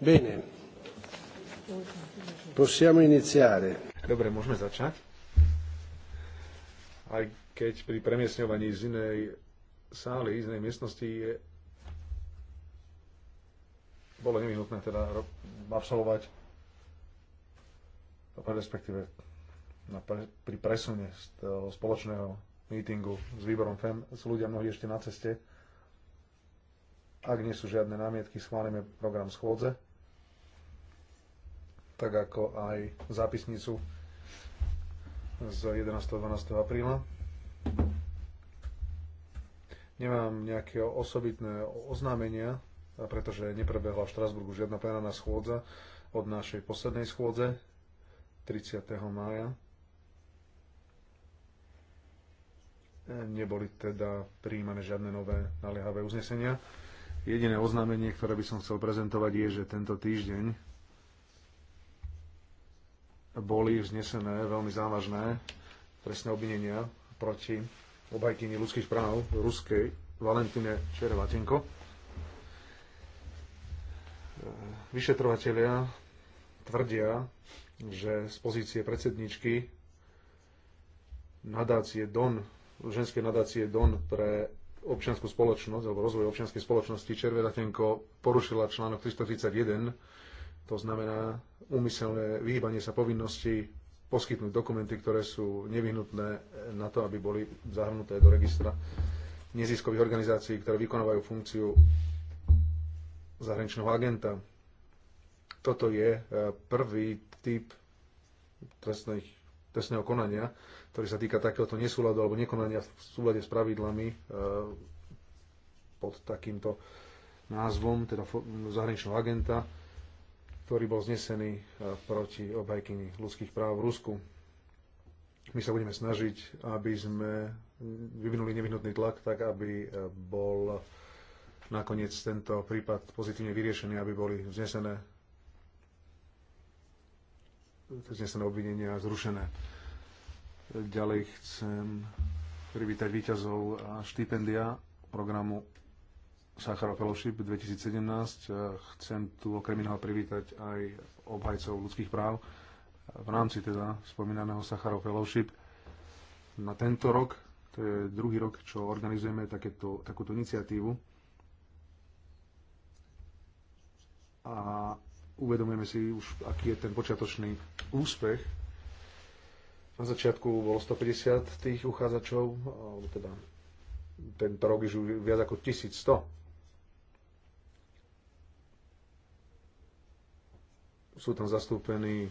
Bene. Possiamo iniziare. Dobre, môžeme začať. Aj keď pri premiesňovaní z inej sály, z inej miestnosti je bolo nevyhnutné teda absolvovať respektíve na pre, pri presune z toho spoločného mítingu s výborom FEM sú ľudia mnohí ešte na ceste ak nie sú žiadne námietky, schválime program schôdze, tak ako aj zápisnicu z 11. 12. apríla. Nemám nejaké osobitné oznámenia, pretože neprebehla v Štrasburgu žiadna plenárna schôdza od našej poslednej schôdze 30. mája. Neboli teda prijímané žiadne nové naliehavé uznesenia. Jediné oznámenie, ktoré by som chcel prezentovať, je, že tento týždeň boli vznesené veľmi závažné trestné obvinenia proti obhajkyni ľudských práv ruskej Valentine Červatenko. Vyšetrovateľia tvrdia, že z pozície predsedničky nadácie Don, ženskej nadácie Don pre občianskú spoločnosť alebo rozvoj občianskej spoločnosti tenko porušila článok 331, to znamená úmyselné vyhýbanie sa povinnosti poskytnúť dokumenty, ktoré sú nevyhnutné na to, aby boli zahrnuté do registra neziskových organizácií, ktoré vykonávajú funkciu zahraničného agenta. Toto je e, prvý typ trestných trestného konania, ktorý sa týka takéhoto nesúladu alebo nekonania v súlade s pravidlami e, pod takýmto názvom, teda zahraničného agenta, ktorý bol znesený e, proti obhajkyni ľudských práv v Rusku. My sa budeme snažiť, aby sme vyvinuli nevyhnutný tlak, tak aby e, bol nakoniec tento prípad pozitívne vyriešený, aby boli vznesené znesené obvinenia zrušené. Ďalej chcem privítať výťazov a štipendia programu Sacharov Fellowship 2017. Chcem tu okrem iného privítať aj obhajcov ľudských práv v rámci teda spomínaného Sacharov Fellowship na tento rok. To je druhý rok, čo organizujeme takéto, takúto iniciatívu uvedomujeme si už, aký je ten počiatočný úspech. Na začiatku bolo 150 tých uchádzačov, alebo teda tento rok už viac ako 1100. Sú tam zastúpení e,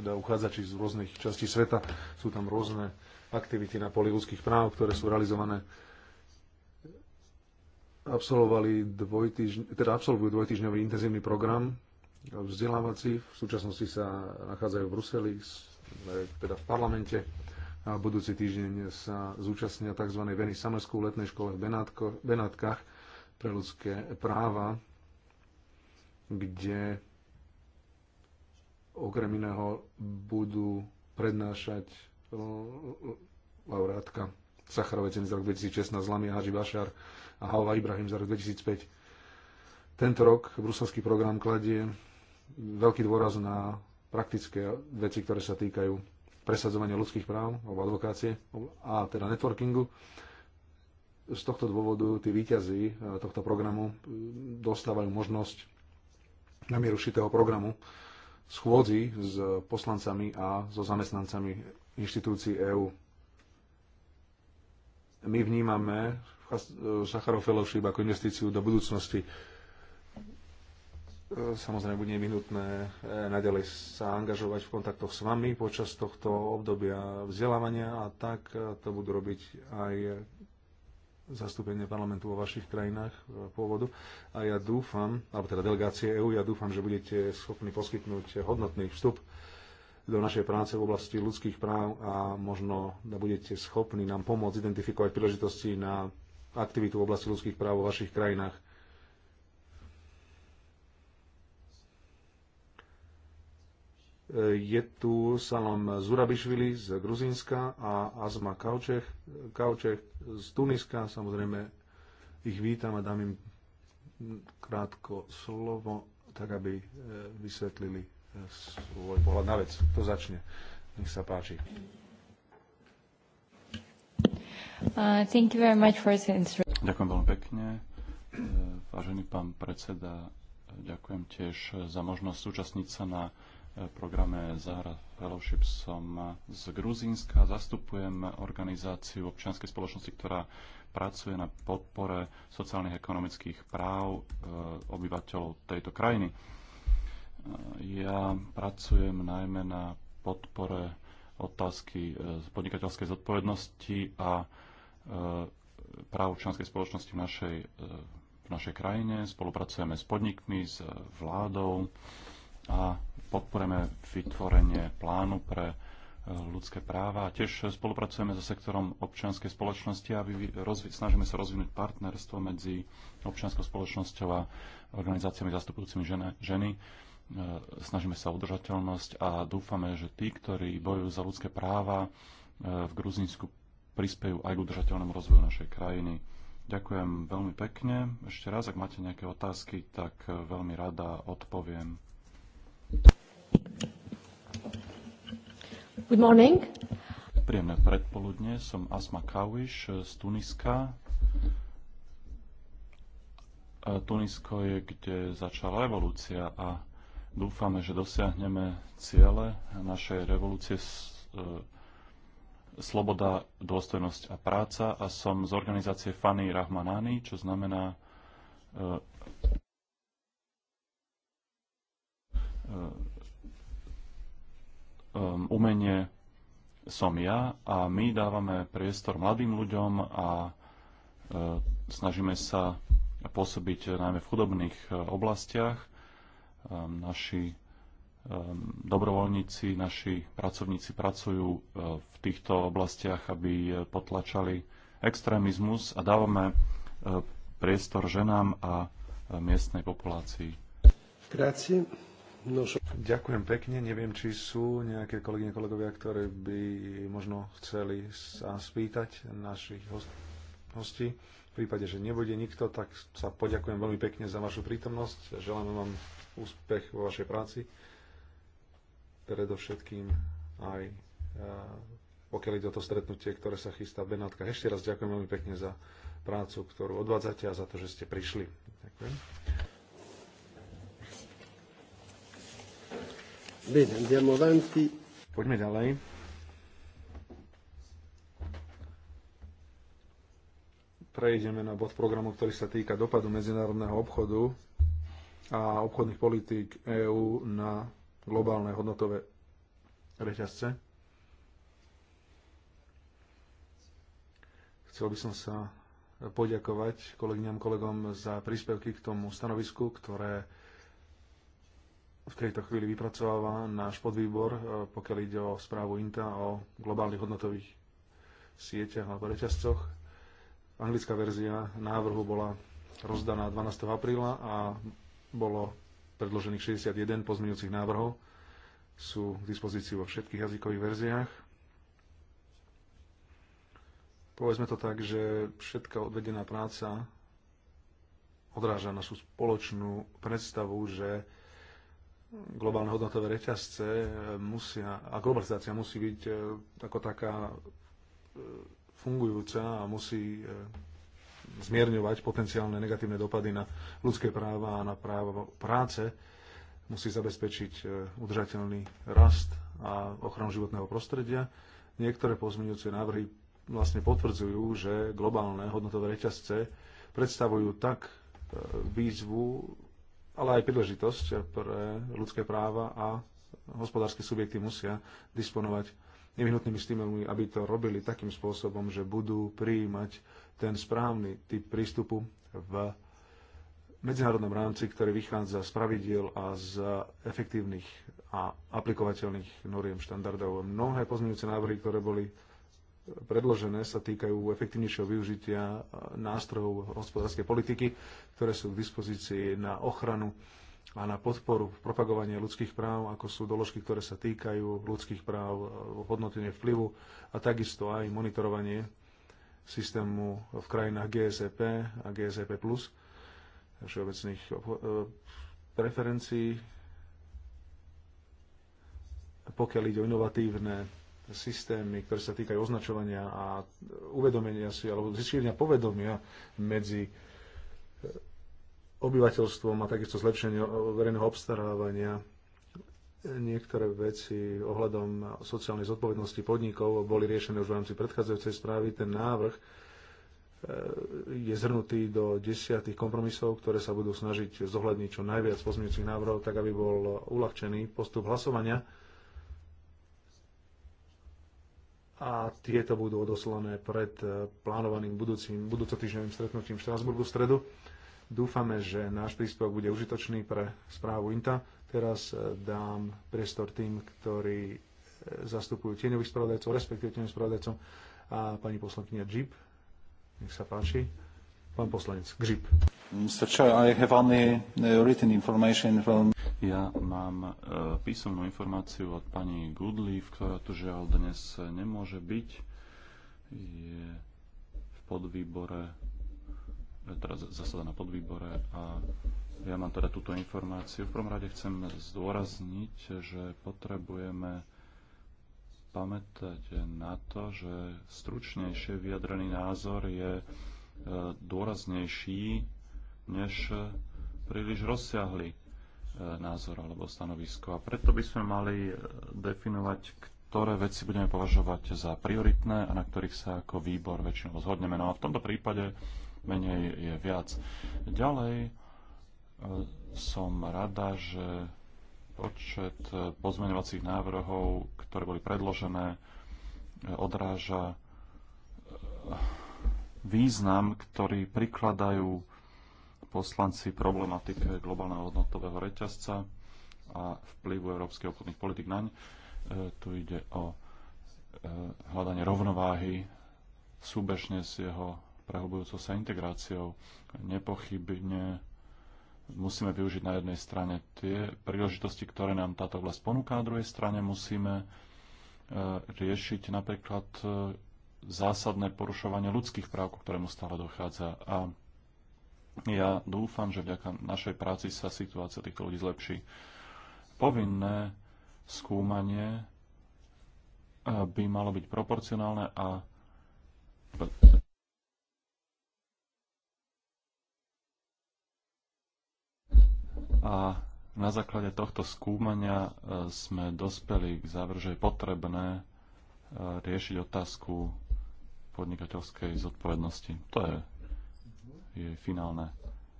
teda uchádzači z rôznych častí sveta, sú tam rôzne aktivity na poli ľudských práv, ktoré sú realizované absolvovali dvojtýždň, teda absolvujú dvojtyžňový intenzívny program vzdelávací. V súčasnosti sa nachádzajú v Bruseli, teda v parlamente a budúci týždeň sa zúčastnia tzv. Veny Summer School letnej škole v Benátko, Benátkach pre ľudské práva, kde okrem iného budú prednášať eh, laureátka Sacharovecený z roku 2016, zlami Haji Bašar a Halva Ibrahim z roku 2005. Tento rok bruselský program kladie veľký dôraz na praktické veci, ktoré sa týkajú presadzovania ľudských práv alebo advokácie a teda networkingu. Z tohto dôvodu tí výťazí e, tohto programu e, dostávajú možnosť na mieru šitého programu schôdzi s poslancami a so zamestnancami inštitúcií EÚ my vnímame Sacharov Fellowship ako investíciu do budúcnosti. Samozrejme, bude nevyhnutné e, nadalej sa angažovať v kontaktoch s vami počas tohto obdobia vzdelávania a tak e, to budú robiť aj zastúpenie parlamentu vo vašich krajinách e, pôvodu. A ja dúfam, alebo teda delegácie EÚ, ja dúfam, že budete schopní poskytnúť hodnotný vstup do našej práce v oblasti ľudských práv a možno budete schopní nám pomôcť identifikovať príležitosti na aktivitu v oblasti ľudských práv vo vašich krajinách. E, je tu Salam Zurabišvili z Gruzínska a Azma Kaučech, Kaučech z Tuniska. Samozrejme, ich vítam a dám im krátko slovo, tak aby e, vysvetlili svoj pohľad na vec. Kto začne? Nech sa páči. Uh, thank you very much for Ďakujem veľmi pekne. Uh, vážený pán predseda, uh, ďakujem tiež uh, za možnosť súčasniť sa na programe Zahra Fellowship. Som z Gruzínska, zastupujem organizáciu občianskej spoločnosti, ktorá pracuje na podpore sociálnych a ekonomických práv obyvateľov tejto krajiny. Ja pracujem najmä na podpore otázky eh, podnikateľskej zodpovednosti a eh, práv občianskej spoločnosti v našej, eh, v našej krajine. Spolupracujeme s podnikmi, s vládou a podporujeme vytvorenie plánu pre ľudské práva. Tiež spolupracujeme so sektorom občianskej spoločnosti a snažíme sa rozvinúť partnerstvo medzi občianskou spoločnosťou a organizáciami zastupujúcimi žene, ženy E, snažíme sa o udržateľnosť a dúfame, že tí, ktorí bojujú za ľudské práva e, v Gruzínsku, prispejú aj k udržateľnému rozvoju našej krajiny. Ďakujem veľmi pekne. Ešte raz, ak máte nejaké otázky, tak e, veľmi rada odpoviem. Good morning. Príjemné predpoludne. Som Asma Kawiš z Tuniska. Tunisko je, kde začala revolúcia a Dúfame, že dosiahneme ciele našej revolúcie e, Sloboda, dôstojnosť a práca a som z organizácie Fanny Rahmanani, čo znamená e, e, um, umenie som ja a my dávame priestor mladým ľuďom a snažíme sa pôsobiť najmä v chudobných oblastiach Ehm, naši ehm, dobrovoľníci, naši pracovníci pracujú e, v týchto oblastiach, aby e, potlačali extrémizmus a dávame e, priestor ženám a miestnej populácii. Grazie. No, Ďakujem pekne. Neviem, či sú nejaké kolegyne, kolegovia, ktoré by možno chceli sa spýtať našich hostí. V prípade, že nebude nikto, tak sa poďakujem veľmi pekne za vašu prítomnosť. Želám vám úspech vo vašej práci. Predovšetkým aj e, pokiaľ ide o to stretnutie, ktoré sa chystá Benátka. Ešte raz ďakujem veľmi pekne za prácu, ktorú odvádzate a za to, že ste prišli. Ďakujem. Poďme ďalej. prejdeme na bod programu, ktorý sa týka dopadu medzinárodného obchodu a obchodných politík EÚ na globálne hodnotové reťazce. Chcel by som sa poďakovať kolegyňam, kolegom za príspevky k tomu stanovisku, ktoré v tejto chvíli vypracováva náš podvýbor, e, pokiaľ ide o správu INTA o globálnych hodnotových sieťach alebo reťazcoch Anglická verzia návrhu bola rozdaná 12. apríla a bolo predložených 61 pozmeňujúcich návrhov. Sú k dispozícii vo všetkých jazykových verziách. Povedzme to tak, že všetka odvedená práca odráža našu spoločnú predstavu, že globálne hodnotové reťazce musia, a globalizácia musí byť e, ako taká e, fungujúca a musí e, zmierňovať potenciálne negatívne dopady na ľudské práva a na právo práce, musí zabezpečiť e, udržateľný rast a ochranu životného prostredia. Niektoré pozmeňujúce návrhy vlastne potvrdzujú, že globálne hodnotové reťazce predstavujú tak e, výzvu, ale aj príležitosť pre ľudské práva a hospodárske subjekty musia disponovať nevyhnutnými stimulmi, aby to robili takým spôsobom, že budú prijímať ten správny typ prístupu v medzinárodnom rámci, ktorý vychádza z pravidiel a z efektívnych a aplikovateľných noriem štandardov. Mnohé pozmeňujúce návrhy, ktoré boli predložené, sa týkajú efektívnejšieho využitia nástrojov hospodárskej politiky, ktoré sú k dispozícii na ochranu a na podporu propagovania ľudských práv, ako sú doložky, ktoré sa týkajú ľudských práv, e, hodnotenie vplyvu a takisto aj monitorovanie systému v krajinách GSEP a GSEP+, všeobecných e, preferencií, pokiaľ ide o inovatívne systémy, ktoré sa týkajú označovania a uvedomenia si alebo získania povedomia medzi obyvateľstvom a takisto zlepšenie verejného obstarávania. Niektoré veci ohľadom sociálnej zodpovednosti podnikov boli riešené už v rámci predchádzajúcej správy. Ten návrh eh, je zhrnutý do desiatých kompromisov, ktoré sa budú snažiť zohľadniť čo najviac pozmeňujúcich návrhov, tak aby bol uľahčený postup hlasovania. A tieto budú odoslané pred eh, plánovaným budúcim, budúcotýždňovým stretnutím v Štrasburgu v stredu. Dúfame, že náš príspevok bude užitočný pre správu INTA. Teraz e, dám priestor tým, ktorí e, zastupujú tieňových spravodajcov, respektíve tieňových spravodajcov a pani poslankyňa Jeep. Nech sa páči. Pán poslanec Grip. Uh, ja mám e, písomnú informáciu od pani Goodleaf, ktorá tu žiaľ dnes nemôže byť. Je v podvýbore teraz zasada na podvýbore a ja mám teda túto informáciu. V prvom rade chcem zdôrazniť, že potrebujeme pamätať na to, že stručnejšie vyjadrený názor je e, dôraznejší než príliš rozsiahly e, názor alebo stanovisko. A preto by sme mali e, definovať, ktoré veci budeme považovať za prioritné a na ktorých sa ako výbor väčšinou zhodneme. No a v tomto prípade menej je viac. Ďalej e, som rada, že počet e, pozmeňovacích návrhov, ktoré boli predložené, e, odráža význam, ktorý prikladajú poslanci problematike globálneho hodnotového reťazca a vplyvu európskej obchodných politik naň. Tu ide o hľadanie rovnováhy súbežne s jeho prehlbujúcou sa integráciou. Nepochybne musíme využiť na jednej strane tie príležitosti, ktoré nám táto vlast ponúka, na druhej strane musíme e, riešiť napríklad e, zásadné porušovanie ľudských práv, ku ktorému stále dochádza. A ja dúfam, že vďaka našej práci sa situácia týchto ľudí zlepší. Povinné skúmanie e, by malo byť proporcionálne a A na základe tohto skúmania e, sme dospeli k záveru, že je potrebné e, riešiť otázku podnikateľskej zodpovednosti. To je jej finálne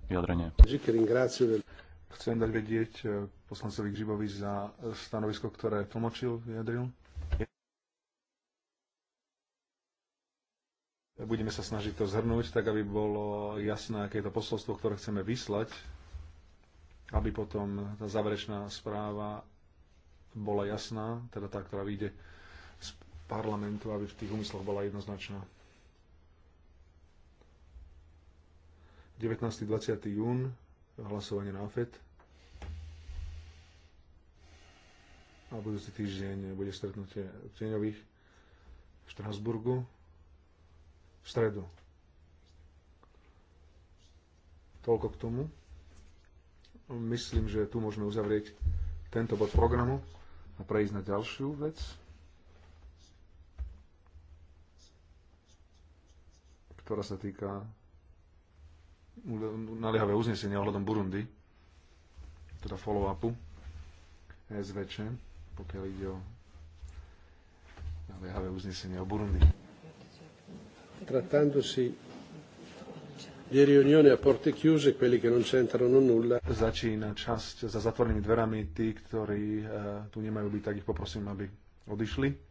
vyjadrenie. Chcem dať vedieť e, poslancovi Gribovi za stanovisko, ktoré tlmočil, vyjadril. Budeme sa snažiť to zhrnúť, tak aby bolo jasné, aké je to posolstvo, ktoré chceme vyslať aby potom tá záverečná správa bola jasná, teda tá, ktorá vyjde z parlamentu, aby v tých úmysloch bola jednoznačná. 19. 20. jún, hlasovanie na Fed A budúci týždeň bude stretnutie tieňových v Štrasburgu v stredu. Toľko k tomu. Myslím, že tu môžeme uzavrieť tento bod programu a prejsť na ďalšiu vec. ktorá sa týka naliehavé uznesenia ohľadom Burundi, teda follow-upu SVČ, pokiaľ ide o naliehavé uznesenie o Burundi di a porte chiuse quelli che non c'entrano nulla. Začína časť za zatvorenými dverami, tí, ktorí eh, tu nemajú byť, tak ich poprosím, aby odišli.